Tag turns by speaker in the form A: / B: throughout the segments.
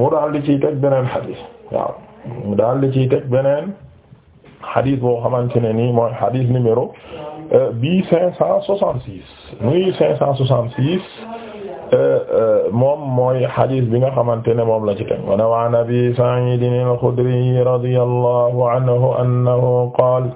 A: mu daal di ciy teg beneen xadis waaw mu daal di ciy teg beneen xadis boo xamante ne nii mooy xadis numéro bi euh, cinq cent soixante six muy cinq cent soixante six euh, euh, moom mooy xadis bi nga xamante ne moom la ci teg wa an Abi Sa'id al-Khudri radiyallahu anhu annahu qaala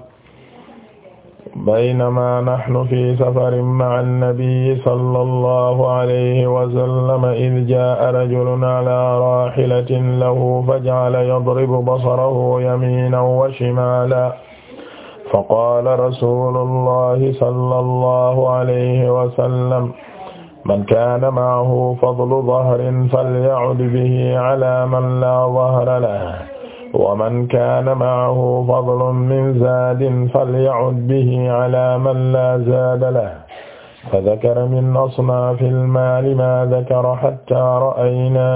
A: baynama nahnu fi safarin ma'a an-nabiyyi sallallahu alayhi wa sallam idh jaa'a rajulun ala raahilatin lahu faja'ala yadribu basarahu yamiinan wa shimaalan faqaala rasuulullahi sallallahu alayhi wa sallam man kaana ma'ahu fadlu dhahrin falya'ud bihi ala man laa dhahra lahu ومن كان معه فضل من زاد فليعد به على من لا زاد له فذكر من أصناف المال ما ذكر حتى رأينا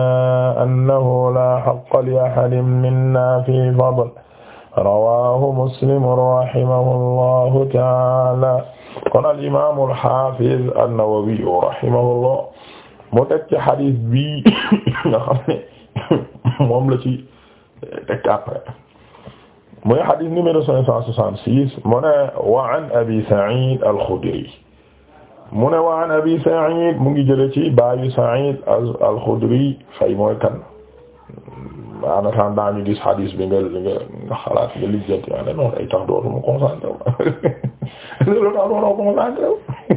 A: أنه لا حق لأحد منا في فضل رواه مسلم رحمه الله تعالى kon الإمام الحافظ النووي رحمه الله mu teg ci xadis bi nga xam ne moom la ci teg après muy hadith numéro cinq cent soixante-six mu wa an abi Sa'id al-Khudri mu wa an abi Sa'id mu ngi jële ci baayu Sa'id al-Khudri fay mooy kan en attendant ñu gis hadith bi nga nga nga xalaat nga lijjanti maa ne noonu ay tax dootu mu concentré wu loolu tax dootoo concentré wu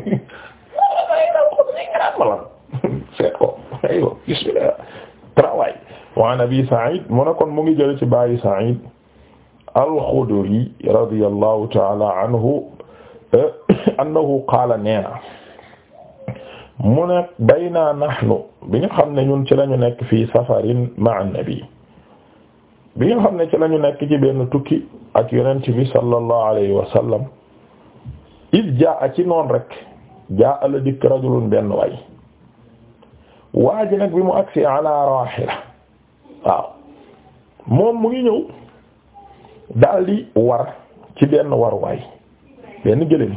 A: Sa'id al-Khudri nga naan ma lan seet ko waa an abi Sa'id mu ne kon mu ngi jële ci baayu Sa'id al-Khudri radiyallahu ta'ala anhu annahu qaala neena mu ne bayna nahnu bi nga xam ne ñun ci lañu nekk fii safarin ma'a nabi bi nga xam ne ci lañu nekk ci benn tukki ak yonent bi sallallahu alayhi wa sallam id jaa ci noonu rek jaa la dikk rajulun benn waay waa ji nag bi mu agsi ala rahila waaw moom mu ngi ñëw daldi war ci benn waruwaay benn gëléem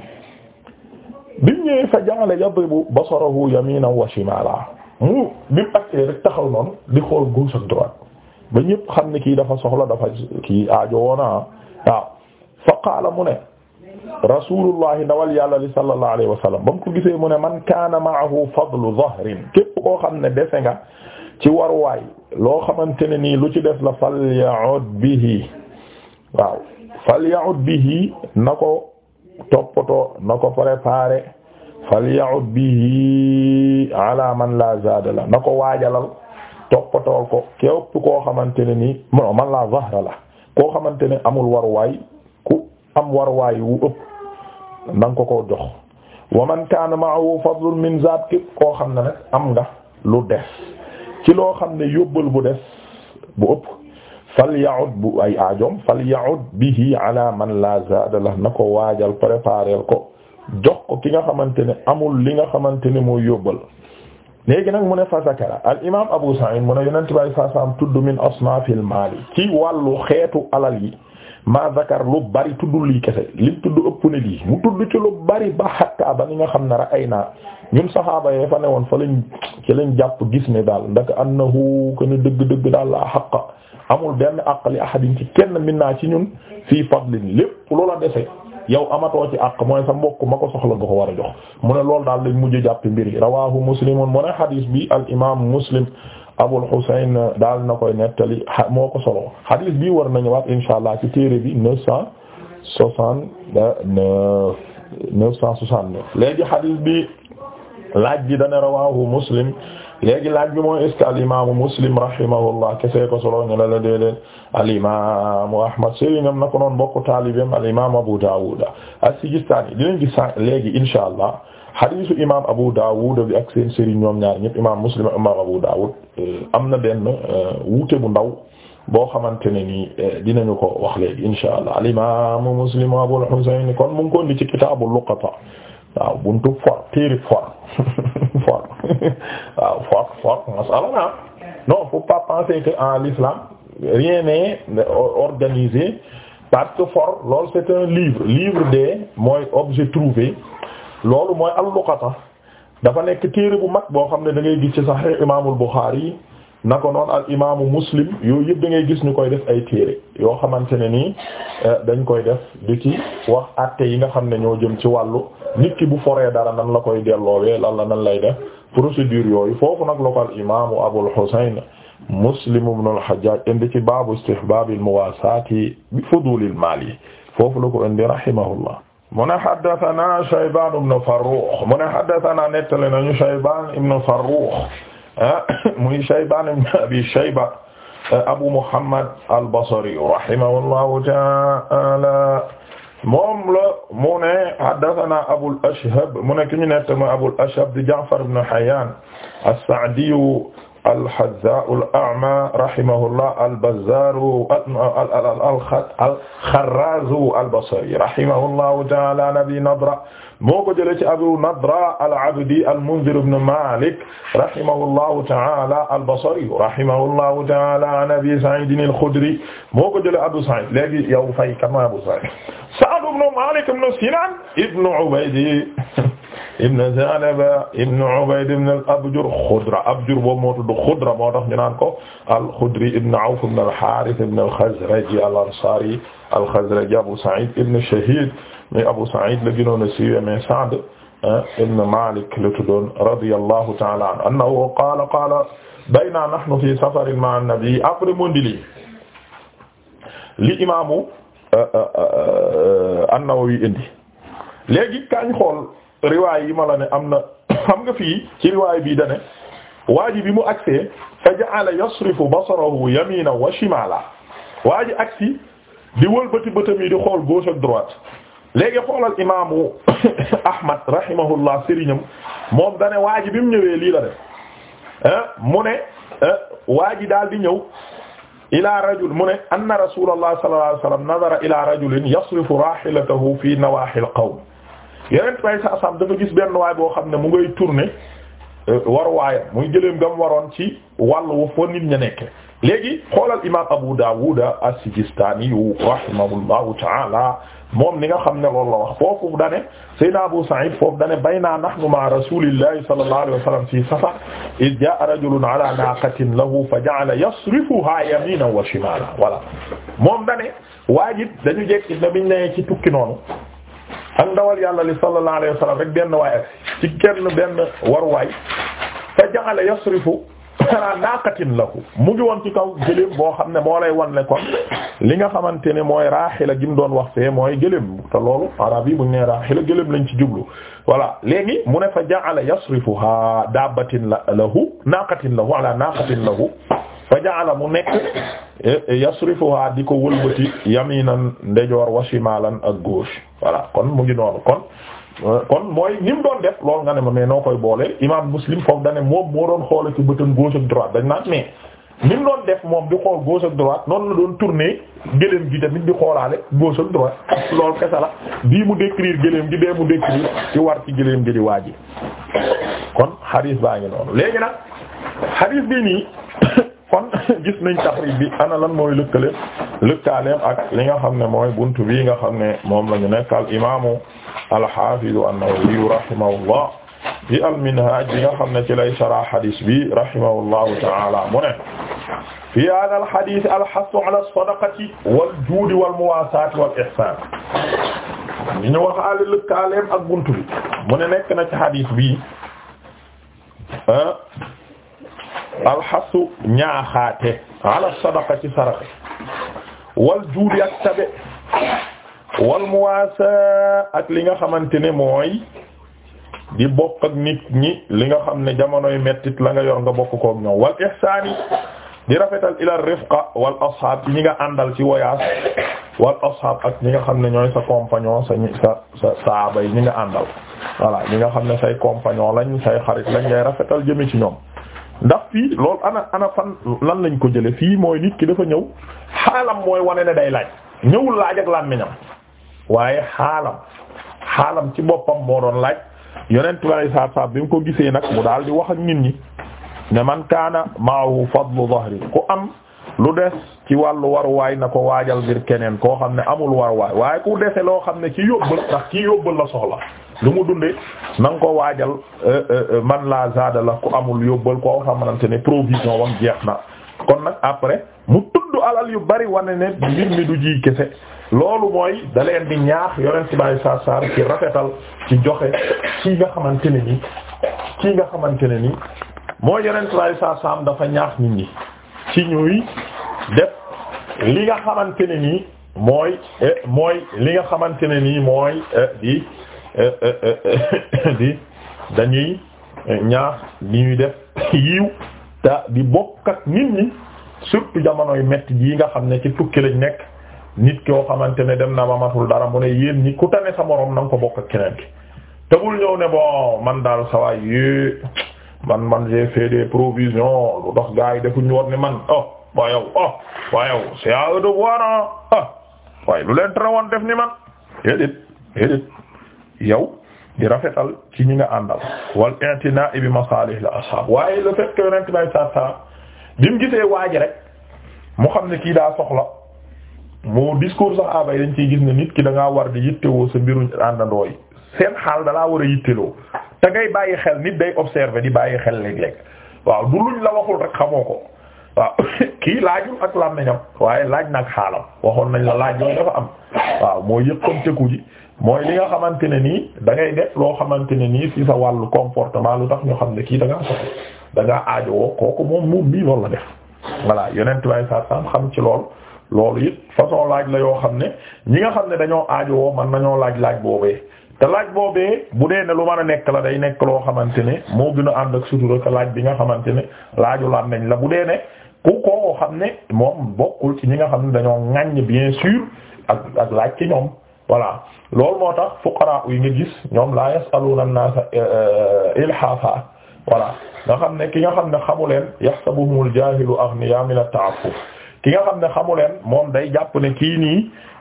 A: bi ñëwee fa ja'ala yadribu basarahu yaminan wa shimala mu bi mu accee rek taxaw noonu di xool gauche ak droite ba ñëpp xam ne kii dafa soxla dafa kii aajo woona ah, waaw fa qaala mu ne rasulullahi ndawal yàlla li sallallahu alayhi wa sallam ba mu ko gisee mu ne man kaana ma'ahu fadlu dhahrin képp koo xam ne dese nga ci waruwaay loo xamante ne nii lu ci des la falya'ud bihi waaw falya'ud bihi na ko toppatoo na ko préparer falya'ud bihi man la zaada la na ko waajalal toppatoo ko képp koo xamante ne nii man la zahra la koo xamante ni amul waruwaay ku am waruwaay wu ëpp na ko ko jox wa man kaana ma'ahu fadlun min zaad képp koo xam ne nag am nga lu des ci loo xam ne yóbbal bu des bu ëpp fal yaud bu ay aajom fal yaud bihi ala man la zaada la na ko waajal préparer ko jox ko ki nga xamante ne amul li nga xamante ne mooy yóbbal léegi nag mu ne fa zakara al imam Abu Sa'id mu ne yonent bay saasaam tudd min asnaafil maali ci wàllu xeetu alal yi maa zakar lu bari tudd lii kese lim tudd ëpp na lii mu tudd ci lu bari ba xattaa ba ni nga xam ne ra ay naa ñun saxaaba yee fa ne woon fa lañ ci lañ jàpp gis ne daal ndaka annahu kana dëgg-dëgg daal laa xaq amul benn àq li ahadin ci kenn min naa ci ñun fii fadlin lépp loola dese yow amatoo ci àq mooy sa mbokk ma ko soxla nga ko war a jox mu ne loolu daal lañ mujj jàpp mbiri rawahu muslimun mu ne xadiis bi al imam muslim Abul Husayn daal na koy nettali moo ko solo hadis bi war nañu waat insha allah ci téere bi neuf cent soixante neuf neuf cent soixante neuf léegi hadis bi laaj bi dana rawahu Muslim léegi laaj bi mooy est-ce que al imaamu Muslim rahimahullah kese ko solo ñu la la déedéet al imaamu Ahmad sëriñam na ko noon mbokk taalibeem al imaamu Abu Dawud as-Sijistani dinañ gis léegi insha allah xadiisu imaam Abu Dawud bi ak seen sëriñ ñoom ñaar ñëpp imaam Muslim imaam Abu Dawud eh, am na benn eh, wuute bu ndaw boo xamante ne nii eh, dinañu ko wax léegi inshaa Allah al imaam Muslim Abul Husayn kon mu ngi ci kitaabu luqata waaw buntu for téere for for waaw for for masala non faut pas penser que en l'islam rien n'est organisé parce que for loolu c'est un livre livre des mooy objet trouvé loolu mooy al-luqata dafa nekk téere bu mag boo xam ne da ngay gis ci Sahih imaamul Bukhari na ko noonu al imaamu Muslim yooyu yëpp dangay gis ñu koy def ay téere yoo xamante ne nii eh, dañ koy def di ci wax atte yi nga xam ne ñoo jëm ci wàllu nit bu foree dara nan la koy delloowee lan la nan lay def procédure yooyu foofu nag la ko al imaamu Abul Husayn Muslim ibn al-Hajjaj indi ci baabu istihbaabil muwaasaati bi fuduulil maal yi foofu la ko indi rahimahullah mu ne haddathana Shaybaan ibn Farrukh mu ne haddathana nettali nañu Shaybaan ibn Farrukh ah, muy Shaybaan ibn Abi Shayba ah, Abu Muhammad al-Basri rahimahullahu ta'ala moom la mu ne haddathana Abul Ashhab mu ne ki ñu nettali Abul Ashhab di Ja'far ibn Hayyan as-Sa'di al-Hazzaa'u al-A'maa rahimahullah al-Bazzaaru al-Kharraazu al-Basri rahimahullahu ta'aala an Abi Nadra moo ko jëlee ci Abu Nadra al-Abdi al-Mundhir ibn Maalik rahimahullahu ta'aala al-Basri rahimahullahu ta'aala an Abi Sa'iid al-Khudri moo ko jëlee Abu Sa'iid léegi yow fay kama Abu Sa'iid Sa'd ibn Maalik ibn Sinaan ibn Ubaydi ibn Zanaba ibn Ubayd ibn al-Abjar Xudra Abjar boobu moo tudd Xudra moo tax ñu naan ko al-Xudri ibn Awf ibn al-Haaris ibn al-Xazraji al-Ansaari al-Xazraji Abu Saïd ibn Shahiid mais Abu Saïd la gënoon a siiwee mais Sa'd eh, ibn Maalik la tuddoon radiyallahu ta'aala anhu annahu qaala qaala baynaa nahnu fii safarin ma'a an-nabi après mondili li imaamu eh, eh, an-Nawawi indi léegi kañ xool. riwaay yi ma am na xam nga fii ci riwaay bii dane waa bi mu agsee fa ja'ala yasrifu basarahu yamina wa shimala waa ji agsi di wëlbati bëtam di xool gauche ak droite léegi xoolal imaamu ahmad rahimahullah sëriñam moom dane waa bi mu ñëwee lii la def mu ji daal di ñëw ila rajul mu ne anna rasulullah sallallahu alayhi wasallam nadara ila rajulin yasrifu rahilatahu fi nawahil qawm yeneen bay saasam dafa gis benn waay boo xam ne mu ngay tourner euh, waruwaayam muy jëleem gam waroon ci wàll wu fa nit ña nekk léegi xoolal imam Abu Dawud as-Sijistani yu rahimahullahu ta'ala moom ni nga xam ne loolu la wax foofu dane Seydina Abu Sa'id foofu dane bayna nahnu ma'a rasulillahi sallallahu alayhi wa sallam fi safar id jaa'a rajulun ala naqatin lahu fa ja'ala yasrifuha yaminan wa shimalan voilà moom dane waajib dañu jekki na biñ ne ci tukki noonu ak ndawal yàlla li sallallahu alayhi wa sallam rek benn waay ak ci benn waruwaay fa jaxale yasrifu ala naqatin lahu mu ngi woon ci kaw gëléem boo xam ne moo lay wan ne kon li nga xamante ne mooy raaxila gi mu doon wax fee mooy gëléem te loolu arab yi bu ñu nee raaxila ci jublu wala léegi mu ne fa jaxale yasrifuha daabatin lahu naqatin lahu ala naqatin lahu fa ja'ala mu nekk eh, yasrifuha di ko wëlbati yaminan ndejoor wa shimalan ak gauche voilà kon mu ngi noonu kon euh, kon mooy ni mu doon def loolu nga ne ma mais noo koy boole imam muslim foofu dane moom moo doon xoola ci bëtam gauche ak droite dañ naan mais ni mu doon def moom di xool gauche ak droite noonu la doon tourner gëléem gi tamit di xoolaale gauche ak droite loolu kese la bii mu décrire gëléem gi bee mu décrire ci war ci gëléem gi di waaji kon hadith baa ngi noonu léegi nag kon gis nañ taxrib bi ana lan mooy lëkkale lëkkaaleem ak li nga xam ne mooy bunt bii nga xam ne moom la ñu nekk al imaamu al haafiz an-Nawawi rahimahullah bi al minhaj bi nga xam ne ci lay sarah hadis bi rahimahullahu ta'ala mu ne fi hada al hadith al hassu ala sadaqati wal juudi wal muwaasaati wal ihsaan ñu ñu wax al lëkkaaleem ak bunt bi mu ne nekk na ci hadis bi ah, alxasu ñaaxaate ala sadaqa ci saraxe wal juudi ak tabe wal muwaasa ak li nga xamante ne mooy di bokk ak nit ñi li nga xam ne jamonoy mettit la nga yor nga bokk kook ñoom wal ihsaani di rafetal ila rifqa wal ashaab ñi nga àndal ci voyage wal ashaab ak ñi nga xam ne ñooy sa compagnon sa saaba yi ñi nga àndal voilà ñi nga xam ne say compagnon lañ say xarit lañ ngay rafetal jëme ci ñoom ndax fii loolu ana ana fan lan lañ ko jële fii mooy nit ki dafa ñëw xaalam mooy wane ne day laaj ñëwul laaj ak làmmiñam waaye xaalam xaalam ci boppam moo doon laaj yonent bi saa saa bi mu ko gisee nag mu daal di wax ak nit ñi ne man kaana maahu fadlu dhahri ku am lu des ci wàllu waruwaay na ko waajal ngir keneen koo xam ne amul waruwaay waaye ku dese loo xam ne ci yóbbal ndax ci yóbbal la soxla lu mu dundee na nga ko waajal euh, euh, euh, man laa zaada la ku amul yóbbal koo xamante ne provision wam jeex na kon nag après mu tudd alal yu bari wane ne mbir mi du ji kese loolu mooy da leen di ñaax yonent bi sallallahu ci rafetal ci joxe ci nga xamante ne ni ci nga xamante ne ni mooy yonent bi sallallahu alayhi dafa ñaax nit ñi ci ñuy def li nga xamante ne nii mooy eh, mooy li nga xamante ne nii mooy eh, di Euh, euh, euh, di dañuy ñaax li ñuy def yiw te di bokk ak nit ñi surtout jamonoy metti yi nga xam ne ci tukki lañ nekk nit koo xamante ne dem na ba matul dara mu ne yéen ñi ku tane sa moroom na ko bokk ak keneen ki te bul ñëw ne bon man daal sawaay yi man man j'ai fait des provisions lu dox gars yi defuñu woon ne man oh waa yow oh waa yow c'est à eux de voir ah waaye lu leen terawoon def ni man déedéet déedéet yow di rafetal ci ñi nga àndal wal i'tinaa bi masalih al ashab waaye le fait que yonent sa sa bi mu gisee waaji rek mu xam ne kii daa soxla mu discours sax abay dañ ciy gis ne nit ki da ngaa war di yittewoo sa mbiru àndandoo yi seen xaal dalaa war a yitteloo te ngay bàyyi xel nit day observer di bàyyi xel léeg-léeg waaw du luñ la waxul rek xamoo ko waaw kii laajul ak lam nañam waaye laaj nag xaalam waxoon nañ la laaj yooyu dafa am waaw moo yëkkamteku mooy li nga xamante ne nii da def loo xamante ne nii ci sa wàllu comportement lu tax ñu xam ne kii da ngaa soxla da ngaa kooku moom moom bii loolu la def voilà yeneen saa saam xam ci lool loolu it façon laaj la yoo xam ne ñi nga xam ne dañoo aajo woo man nañoo laaj laaj boobee te laaj boobee bu dee ne lu mën a nekk la day nekk loo xamante ne moo gën a ànd ak sutura ca laaj bi nga xamante ne laaju laaj nañ la bu dee ne ku koo xam ne moom bokkul ci ñi nga xam ne dañoo ŋaññ bien sûr ak ak laaj ci ñoom. voilà lool moo tax fuqara yi nga gis ñoom la yasaluna an-nasa eh, eh, ilhafa voilà nga xam ne ki nga xam ne xamu leen yahsabuhumul jahilu aghniya min a taaffuf ki nga xam ne xamu leen moom day jàpp ne kii nii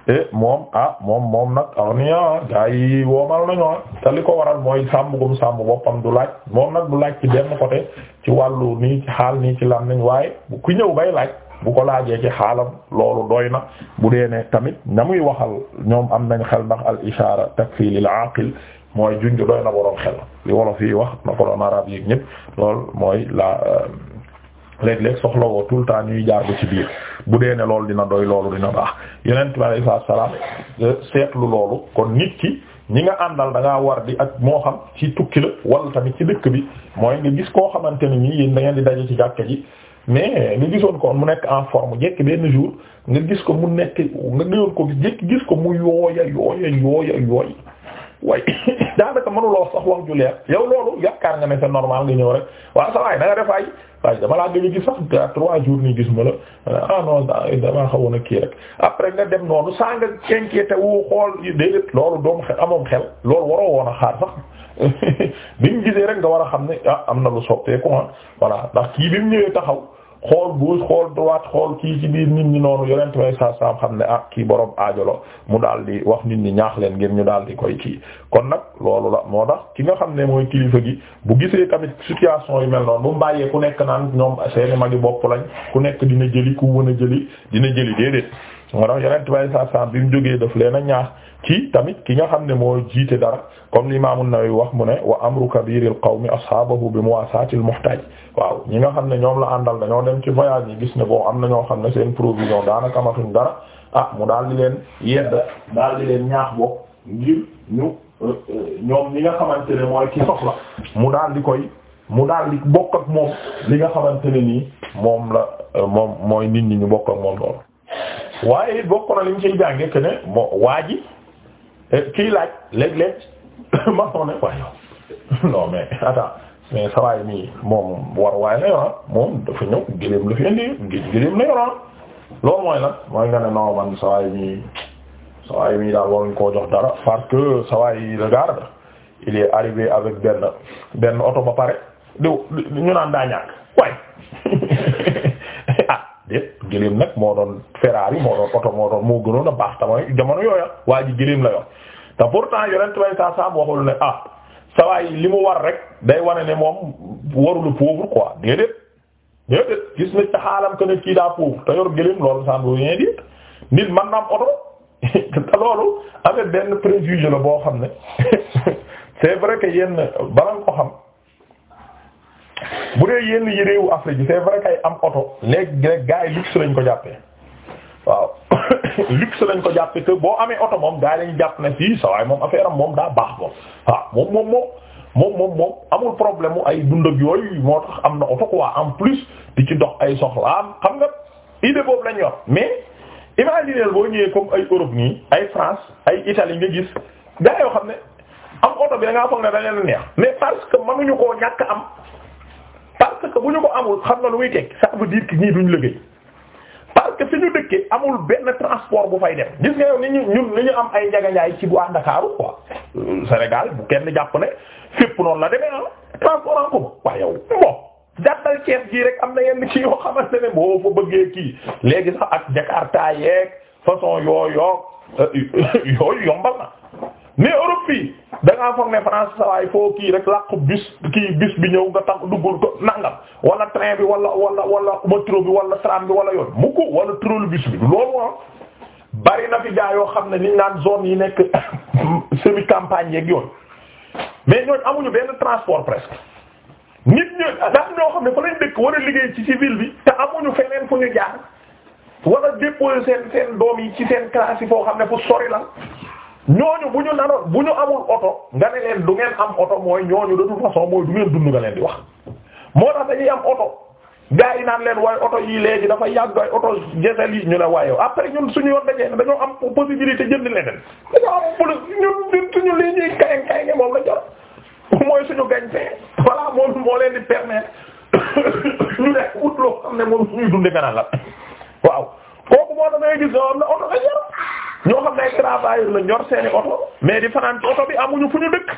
A: eh, moom ah moom moom nag aghniya gaa yi woomal nañoo ah, te li ko waral mooy sàmm gum boppam du laaj moom nag du laaj ci benn côté ci wàllu nii ci xaal nii ci lam nañ waaye ku ñëw bay laaj. bu ko laajee ci xaalam loolu doy na bu dee ne tamit na muy waxal ñoom am nañ xel ndax al ishaara takfi lil aqil mooy junj doy na boroom xel li wolof yi wax na ko doon yi ñëpp lool mooy laa euh, léeg-léeg soxla woo tout le temps ñuy jaar ba ci biir bu dee ne loolu dina doy loolu dina baax yonent bi alayhi salaam euh, seetlu loolu kon nit ki ñi nga àndal da war di ak moo xam ci tukki la wala tamit ci dëkk bi mooy nga gis koo xamante ne nii yéen da ngeen di daje mais nga gisoon ko mu nekk en forme jekki benn jour nga gis ko mu nekk nga gëjoon ko jekki gis ko mu yooya yooya yooya yooya way daanaka mënuloo sax wax ju leer yow loolu yaakaar nga ne c'est normal nga ñëw rek waaw sa waay na nga waaye dama laa gëj a gis sax trois jours nii gis ma a ah non xawoon a kii rek après nga dem noonu saa nga inquiété wu xool déedéet loolu doom xel amoon xel loolu waroo woon a xaar sax bi ñu gisee rek nga war a xam ne ah am na lu soppeeku ah voilà ndax kii bi mu ñëwee taxaw. xool gauche xool droite xool kii ci biir nit ñi noonu yonent may saa saa xam ne ah kii borom aajolo mu daal di wax nit ñi ñaax leen ngir ñu daal di koy kii kon nag loolu la moo tax ki nga xam ne mooy kilifa gi bu gisee tamit situation yu mel noonu bu mu bàyyee ku nekk naan ñoom seeni magi bopp lañ ku nekk dina jëli ku wën a jëli dina jëli déedéet moo tax yeneen tubaab yi saa saa bi mu jógee daf leen a ñaax ci tamit ki nga xam ne moo jiite dara comme li Imaam an wax mu ne wa amru kabiril qawmi ashaabahu bi muwaasatil muhtaaj waaw ñi nga xam ne ñoom la àndal dañoo dem ci voyage yi gis ne boo am na ñoo xam ne seen provision daanaka amatuñ dara ah mu daal di leen yedd daal di leen ñaax bokk ngir ñu euh, euh, ñoom ñi nga xamante ne mooy ki soxla mu daal di koy mu daal di bokk ak moom li nga xamante ne nii moom la euh, moom mooy nit ñi ñu bokk ak moom loolu. waaye it bokk na li ñu ciy ne moo waa ji eh, kii laaj léeg-léeg ma xamoon waaye yow mais attends mais saa mii moom war waaye la yor moom dafa ñëw gëléem la fi indi gëléem la yor loolu mooy lan mooy nga ne man saa mii saa mii daal waruñ koo jox dara parce que saa waay regarde il est arrivé avec benn benn oto ba pare di ñu naan daa ñàkk waay. déet eh, gëléem nag moo doon Ferrari moo doon oto moo doon moo gënoon a baax tamay jamono yooya waa ji gëléem la yor te pourtant yonent bay saa saam li mu war rek day wane ne moom warul pauvre quoi déedéet déedéet gis na ci xaalam que ne kii daa pauvre te yor gëléem loolu saan bo ñee nit man na am oto te loolu avec benn préjugé la boo xam ne c'est vrai que yenn bala ko xam bu dee yenn yi réewu Afrique bi c'est vrai ay am oto léegi gaa yi luxe lañ ko jàppee waaw luxe lañ ko jàppee que boo amee oto moom gars yi lañ jàpp ne fii sa moom affaire am moom daa baax moom waaw moom moom moom moom moom moom amul problème mu ay dund ak yooyu moo tax am na oto quoi en plus di ci dox ay soxlaam xam nga idée boobu lañ yor mais imaginez boo ñëwee comme ay Europe nii ay France ay Italie nga gis gars yoo xam ne am oto bi da ngaa foog ne da neex mais parce que koo ñàkk am. que bu ñu ko amul xam na lu muy teg ça veut dire que ñii duñ liggéey parce que ñu dëkkee amul benn transport bu fay dem gis nga ni ñu ñu am ay njaganjaay ci waa Ndakaaru quoi Sénégal bu kenn jàpp ne fépp noonu la demee ah transport en commun waaye yow bon jàppal Cees gii rek am na yenn ci yoo xamante ne boo fa bëggee kii léegi sax ak Jakarta yeeg façon yooyu yooyu euh, yombal na. mais Europe fii da ngaa foo kii rek làqu bis kii bis bi ñëw nga tam duggul ko nangam wala train bi wala wala wala métro bi wala tram bi wala yoon mu ko wala trolebus bi loolu ah bari na fi gaa yoo xam ne niñ naan zone yi nekk semi campagne yeeg yoon mais ñooñ amuñu benn transport presque nit ñooñ daa ñoo xam ne fa lañ dëkk war a liggéey ci civil bi te amuñu feneen fu ñu jaar wala déposer seen seen doom yi ci seen classe yi foo xam ne fu sori la ñooñu bu ñu naroon bu ñu amul oto nga ne leen du ngeen am oto mooy ñooñu de toute façon mooy du ngeen dund nga leen di wax moo tax dañuy am oto gars yi naan leen waaye oto yii léegi dafa yàgg ay oto diesel yi ñu la waaye après ñun suñu yoon dajee ne dañoo am possibilité jënd leneen dañoo am plus ñun suñu lii ñuy kañ kañ moom la jor mooy suñu gañte voilà moom moo leen di permettre ñu ne ut loo xam ne moom suñuy dunde nga naan la waaw kooku moo damay gis am na oto la yor ñoo xam ne ay travailleur la ñor seeni oto mais di fanaan oto bi amuñu fu ñu dëkk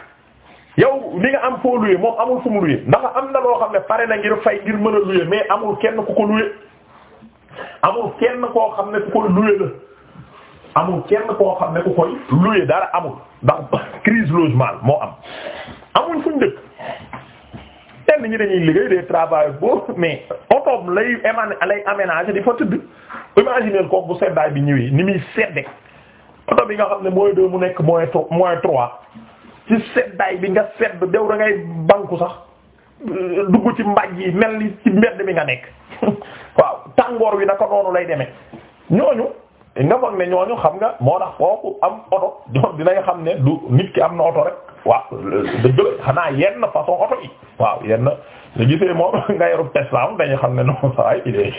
A: yow li nga am foo luye moom amul fu luye ndax am na loo xam ne pare na ngir fay ngir mën a luye mais amul kenn ku ko luye amul kenn koo xam ne ku koy luye la amul kenn koo xam ne ku koy luye dara amul ndax crise logement moo am amuñ fu ñu dëkk ñenn ñi dañuy liggéey des travail boobu mais oto lay éman lay aménager di fa tëdd imaginer ko bu seddaay bi ñëwee ni muy sedde oto bi nga xam ne mooy deux mu nekk moins moins trois ci seddaay bi nga sedd dew da ngay banku sax dugg ci mbaj yi mel ni ci mbedd mi nga nekk waaw tàngoor wi naka noonu lay demee ñooñu nga foog ne ñooñu xam nga moo tax foofu am oto ñoom dinañ xam ne du nit ki am na oto rek. waaw dëgg la xanaa yenn façon oto yi waaw yenn su gisee moom nga yorub Tesla moom dañu xam ne non ça idée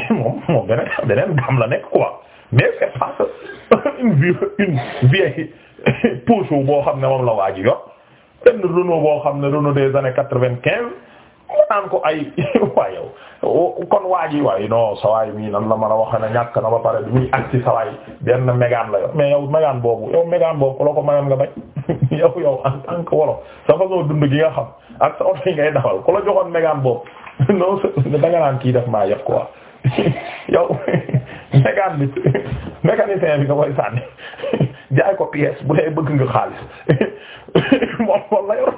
A: moom moom beneen beneen gam la nekk quoi mais c'est pas une vieille une vieille Peugeot boo xam ne moom la waa ji yor benn Renault boo xam ne Renault des années quatre-vingt-quinze naan ko ay waa yow kon waa ji waaye non sawaay mii nan la mën a waxe ne ñàkk na ba pare bi muy agsi sawaay benn mégaan la yow mais yow mégaan boobu yow mégaan boobu la ko mayoon nga bañ yow yow en tant wolof sa façon dund gi nga xam ak sa oto yi ngay dawal ku la joxoon mégaan boobu non naan kii def maa yëpp ko yow mégaan bi mécanicien bi nga koy ko pièce bu dee bëgg nga xaalis moom moom la yor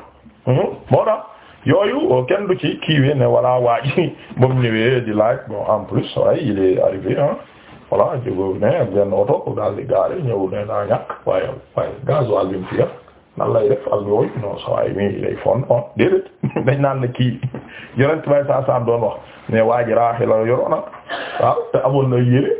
A: hmm? moo tax yooyu kenn ci kiiwee ne voilà waa ji ba mu ñëwee di laaj bon en plus waaye il est arrivé ah voilà jógóob ne ak benn oto daal di gaare ñëw ne daa ñàkk waaye waaye gasoil bi mu fi yàq nan lay def ak yooyu non sa waay mi lay fon on déedéet dañ naan la kii yonent bay saa saam doon wax ne waa ji raaxi la yoroona waaw te amoon na yére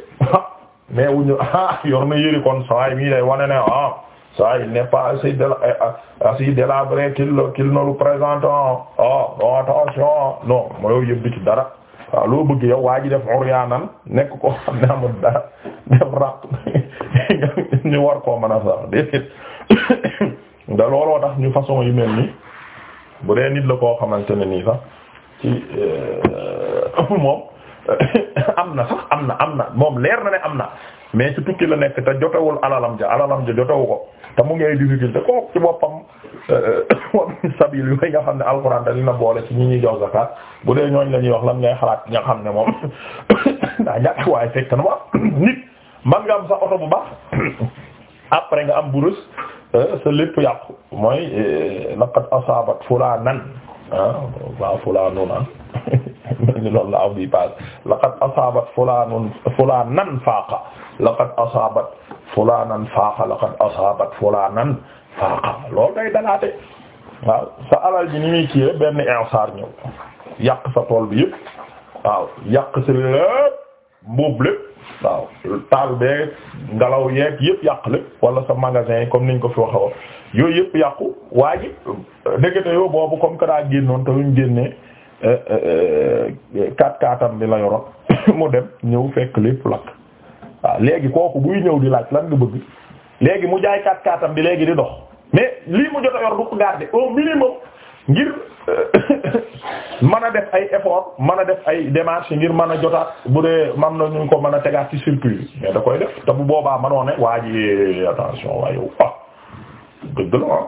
A: mais wuñu ah yor na yére kon sa waay mi lay wane ne ah ça il n'est pas assez de euh, euh, assez délabré qu'il qu'il nous le présente attention non mooy yëpp ci dara waaw loo bëgg yow waa def uryaanan nekk ko xam ne amul dara war koo mën a sax déedéet da la koo xamante ne nii sax euh, na am na am na moom leer na ne am na mais ci tukki la nekk te jotewul alalam ja alalam ja jotewu ko te mu ngay difficulté ko ci boppam euh, wam sabil yooyu nga xam ne alxuraan da boole ci ñi ñuy jox zakat bu dee ñooñ la ñuy wax lan ngay xalaat nga xam ne moom ma nit man nga am sa oto bu baax après nga am bu rës euh, sa lépp yàqu mooy euh, laqad asaabat fulaanan ah waaw fulaanun ah mel ni loolu la aw bi paas laqad asaabat fulaanun fulaanan faaqa laqad asaabat fulaanan faaqa laqad asaabat fulaanan faaqa loolu day dalaate waaw sa alal ji ni muy kiiwee benn insaar ñëw yàq sa tool bi yëpp waaw yàq sa lépp buub lépp waaw taal be ngelaw yeeg yëpp yàq lépp wala sa magasin yi comme niñ ko fi waxe woon yooyu yëpp yàqu waa ji dëggate yoo boobu comme que daa génnoon te luñ génnee kat katam bi la yoroon mu dem ñëw fekk lépp lakk waaw léegi kooku buy ñëw di laaj lan nga bëgg léegi mu jaay kat katam bi léegi di dox mais lii mu jot a yor du ko garder au minimum ngir euh, man a def ay effort man a def ay démarches ngir mën a jotaat bu dee man na ñu ko mën a tegaat ci circuit bi mais da koy def te bu boobaa mënoo ne waa attention waaye yow ah, dëgg la ah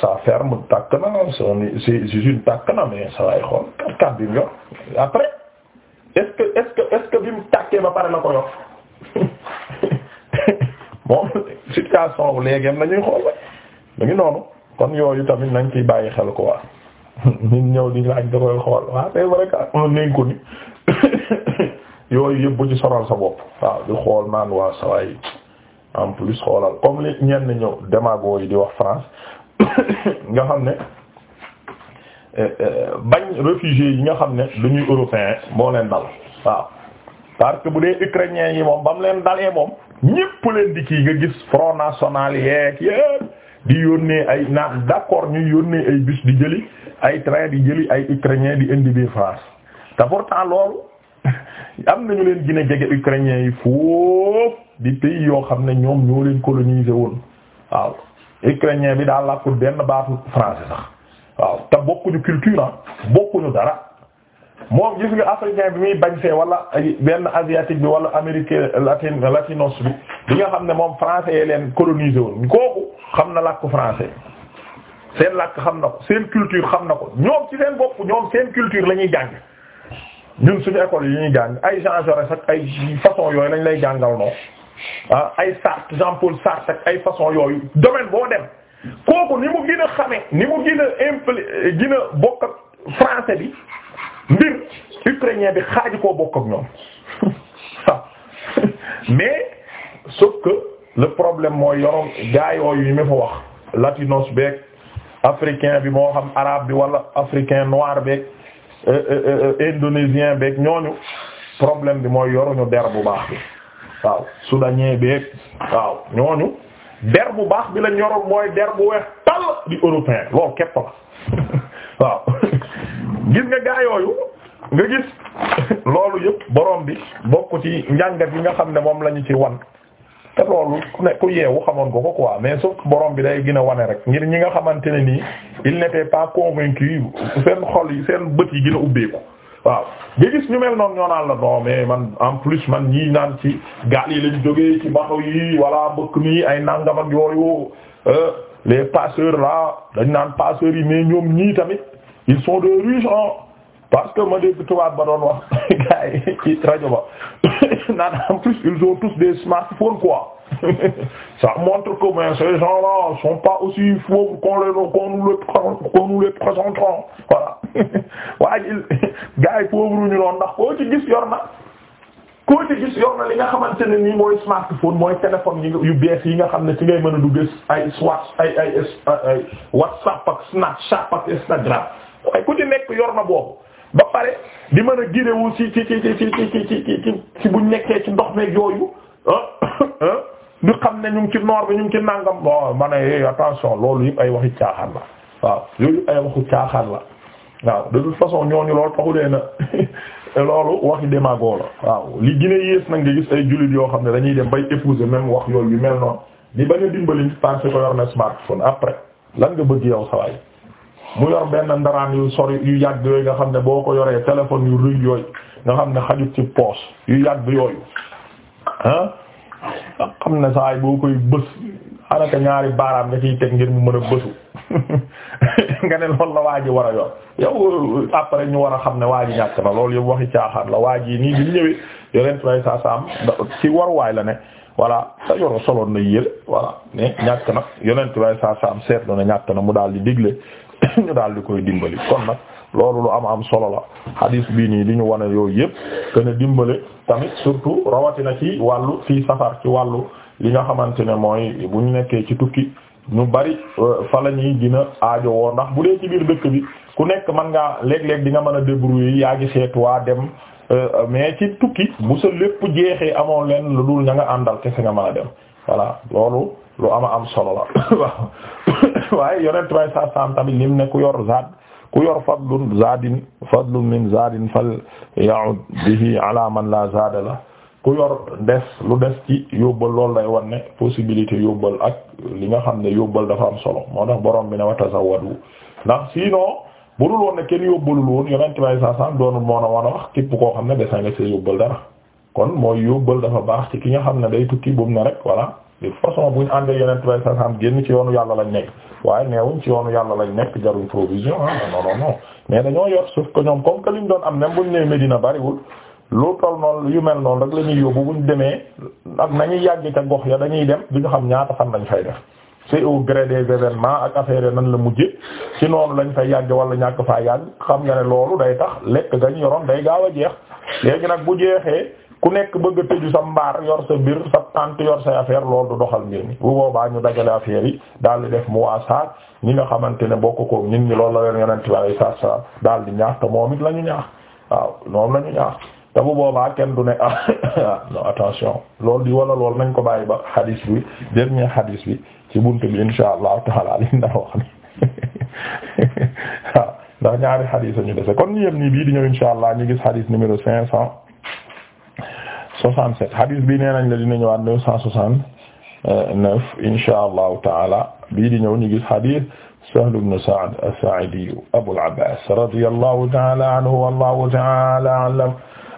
A: sa ferme tàkk na c'est usine tàkk na mais sa waay xool kat bi mu yor après est-ce est est bi mu tàkkee ba pare na ko yor moom situation bu léegi am xool ba mu noonu. kon yooyu tamit nañ ciy bàyyi xel ko waa ñun ñëw di laaj da koy xool waaw c'est vrai que on nañ yooyu yëpp bu ci sonal sa bopp waaw di xool naan waa sawaay en plus xoolal comme li ñenn ñëw démago yi di wax France nga xam ne eh, eh, bañ réfugiés yi nga xam ne dañuy européen moo leen dal waaw parce que bu dee ukrainien yi moom ba mu leen dalee moom ñépp leen di kii nga gis front national yeeg yépp di yónnee ay naan d'accord ñuy yónnee ay bus di jëli ay train di jëli ay ukrainien di indi biir France te pourtant loolu am nañu leen gën a jege ukrainien yi foofu di pays yoo xam ne ñoom ñoo leen coloniser woon waaw ukrainien bi daa làkkul benn baatu français sax waaw te bokkuñu culture ah bokkuñu dara moom gis nga africain bi muy bañ fee wala benn asiatique bi wala américain latin latinos bi bi nga xam ne moom français yee leen colonisé woon kooku xam na làkk français seen làkk xam na ko seen culture xam na ko ñoom ci seen bopp ñoom seen culture la ñuy jàng ñun suñu école yi ñuy jàng ay Jean ay façon yooyu lañ lay jàngal non ah ay Sartre Jean-Paul Sartre ak ay façon yooyu domaine boo dem kooku ni mu gën xame ni mu gën impli gën bokk ak français bi mbir ukrainien bi xaaju koo bokk ak ñoom mais sauf que le problème mooy yoroon gaa yooyu ñu fa wax latinos beeg africain bi moo xam arabe bi wala africain noir beeg euh, euh, euh, indonésien beeg ñooñu problème bi mooy yoruñu der bu baax bi waaw soudanien beeg waaw ñooñu der bu baax bi lañ yoroon mooy der bu weex tàll di européen loolu képp la waaw gis nga gaa yooyu nga gis loolu yëpp borom bi bokk ci njàngat yi nga xam ne moom lañu ci wan te loolu ku nekk ku yeewu xamoon ko ko quoi mais sauf borom bi day gën a wane rek ngir ñi nga xamante ne nii il n'était pas convaincu seen xol yi seen bët yi gën a ubbeeku waaw nga gis ñu mel naan la non mais man en plus man ñii naan ci gaal yi lañ jógee ci yi walla bëkk mi ay nangam ak yooyu euh, les passeurs là dañ naan passeurs yi mais ñoom ñii tamit. ils sont des riches ah parce que ma dégg tubaab ba doon wax gars rajo ba naan plus ils ont tous des smartphones quoi ça montre que mais gens-là sont pas aussi pauvres qu'on les qu'on nous les qu'on nous les présentons voilà waa ji gars yi pauvres ndax koo ci li nga xamante ne nii mooy smartphone mooy téléphone yu bees yi nga xam ne ci ngay mën a dugg ay swat ay ay ay WhatsApp Instagram. waaye ku ci nekk yor na boobu ba pare di mën a girewu ci ci ci ci ci ci ci buñ nekkee ci ndox meeg yooyu ñu xam ne ñu ngi ci noor bi ñu ngi ci nangam bon ma attention loolu yëpp ay waxi caaxaan la waaw yooyu ay waxu caaxaan la waaw de toute façon ñooñu loolu taxulee na loolu waxi démago la waaw li gën a yées nag nga gis ay jullit yoo xam ne dañuy dem bay épouser même wax yooyu yu mel noonu li bañ a dimbali parce que yor na smartphone après lan nga bëgg yow sawaay mu yor benn ndaraan yu sori yu yàgg yooyu nga xam ne boo ko yoree téléphone yu rëy yooyu nga xam ne xajut ci poos yu yàgg yooyu ah xam ne saay boo koy bës anaka ñaari baaraam nga ciy teg ngir mu mën a bësu nga ne loolu la waa ji war a yor yow après ñu war a xam ne waa ji ñàkk na loolu yëpp waxi caaxaan la waa ji nii bi ñëwee yonent way sa saam ci waruwaay la ne voilà sa yoro soloon na yére voilà mais ñàkk na yonent way saa saam seetlu na ñàkk na mu daal di digle ñu daal di koy dimbali kon nag loolu lu am am solo la hadis bii nii di ñu wane yooyu yëpp gën a dimbale tamit surtout rawatina ci wàllu fii safar ci wàllu li nga xamante ne mooy bu ñu nekkee ci tukki ñu bari euh, fa la ñuy gën a aajo woo ndax bu dee ci biir dëkk bi ku nekk man ngaa léeg-léeg di nga mën a débrouiller yaa ngi seet waa dem Euh, mais ci tukki bu sa lépp jeexee amoo leen lu dul ña nga àndal kese nga mën dem voilà loolu lu ama am solo la waaw waaye yonent bay sa tamit lim ne ku yor zaad ku yor fadlun zaadin fadlun min zaadin fal ya'ud bihi ala man la zaada la ku yor des lu des ci yóbbal lool lay wan ne possibilité yóbbal ak li nga xam ne yóbbal dafa am solo moo tax borom bi ne wa tazawwadu ndax sinon bu dul woon ne kenn yóbbalul woon yonent bay saa saam doonul moo na wan a wax képp koo xam ne desa nga see yóbbal dara kon mooy yóbbal dafa baax ci ki nga xam ne day tukki bumu ne rek voilà buñ àndee yonent bay saa saam génn ci yoonu yàlla lañ nekk waaye neewuñ ci yoonu yàlla lañ nekk jarul provision ah non non mais dañoo yor suuf que ñoom comme que doon am même buñ nee Medina bariwul lu toll noonu yu mel noonu rek la ñuy bu ñu demee ak nañuy yàggee ca gox ya dañuy dem duñu xam ñaata fan lañ fay def c'est au gré des événements ak affaire nan la mujje ci noonu lañ fay yàgg wala ñàkk faa yàgg xam nga ne loolu day tax lekk gañ yoroon day gaaw a jeex léegi nag bu jeexee ku nekk bëgg a tëju sa mbaar yor sa biir sa tànt yor say affaire loolu du doxal mbir mi bu boobaa ñu dajale affaire yi daal di def mu waasaar ñi nga xamante ne bokk ko ñun ñi loolu la leen yonent bi sallallahu alayhi wasallam daal di ñaax te moom it la ñu ñaax waaw moom la ñu ñaax te bu boobaa kenn du ne ah non attention loolu di wala lool nañ ko bàyyi ba xadis bi dernier xadis si ci buntu bi insha allahu taala liñ dara wax waaw ah, ndax ñaari xadis ñu dese kon ñu yem nii bii di ñëw insha allah ñu gis xadis numéro cinq cent soixante-sept xadis bi nee nañ la dina ñëwaat neuf cent soixante-neuf taala bii di ñëw ñu gis xadis Sahl ibn Sa'd as-Sa'idi Abul Abbas radiyallahu taala anhu wallahu taala alam